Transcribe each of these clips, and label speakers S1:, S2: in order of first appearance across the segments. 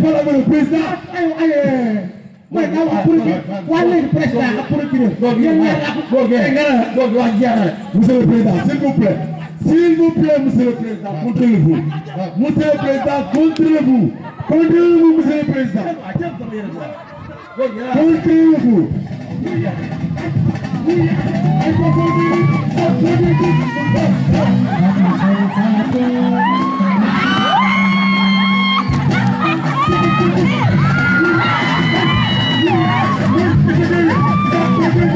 S1: problème le président mooy nga wax procureur waa léegi président ak procureur yéen ñaar ak góor gi wax jeex na monsieur le président s'il vous plaît s'il vous plaît monsieur le président contrôlez-vous monsieur le président contrôlez-vous contrôlez-vous monsieur le président contrôlez-vous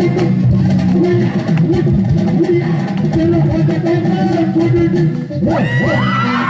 S1: Wait, wait, wait.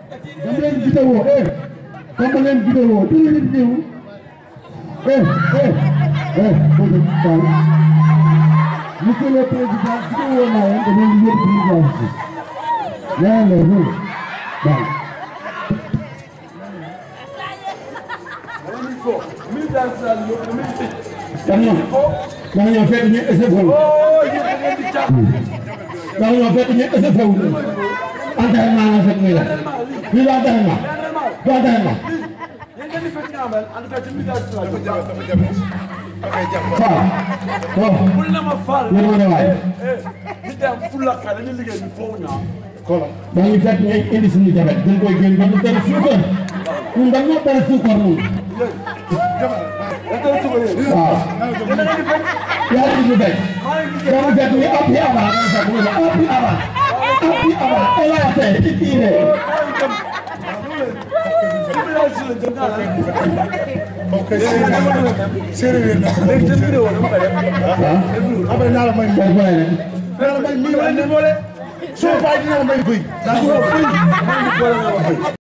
S1: dama leen vidéo eh dama leen vidéo deux minutes vidéo eh eh eh monsieur le président vidéo naa leen dama leen yóbbu ñu jaar ci yaa la ñu daal dama ñoo fekk ñu SFO
S2: dama ñoo fekk ñu SFO entraînement na fekk muy la
S1: lii du entraînement du entraînement. waaw. dañuy fekk ngay indi suñu jafe dañ koy génn ba ñu tere suukar ñun dañ ñoo tere suukar ñun. waaw. yaa ngi ñu fekk. dañu fekk ñu appui avant dañu fekk ñu appui avant appui avant séeréer na ko léegi seen vidéo dama koy def après naa la may naa la may mii wala soo bàyyi dina la may bëy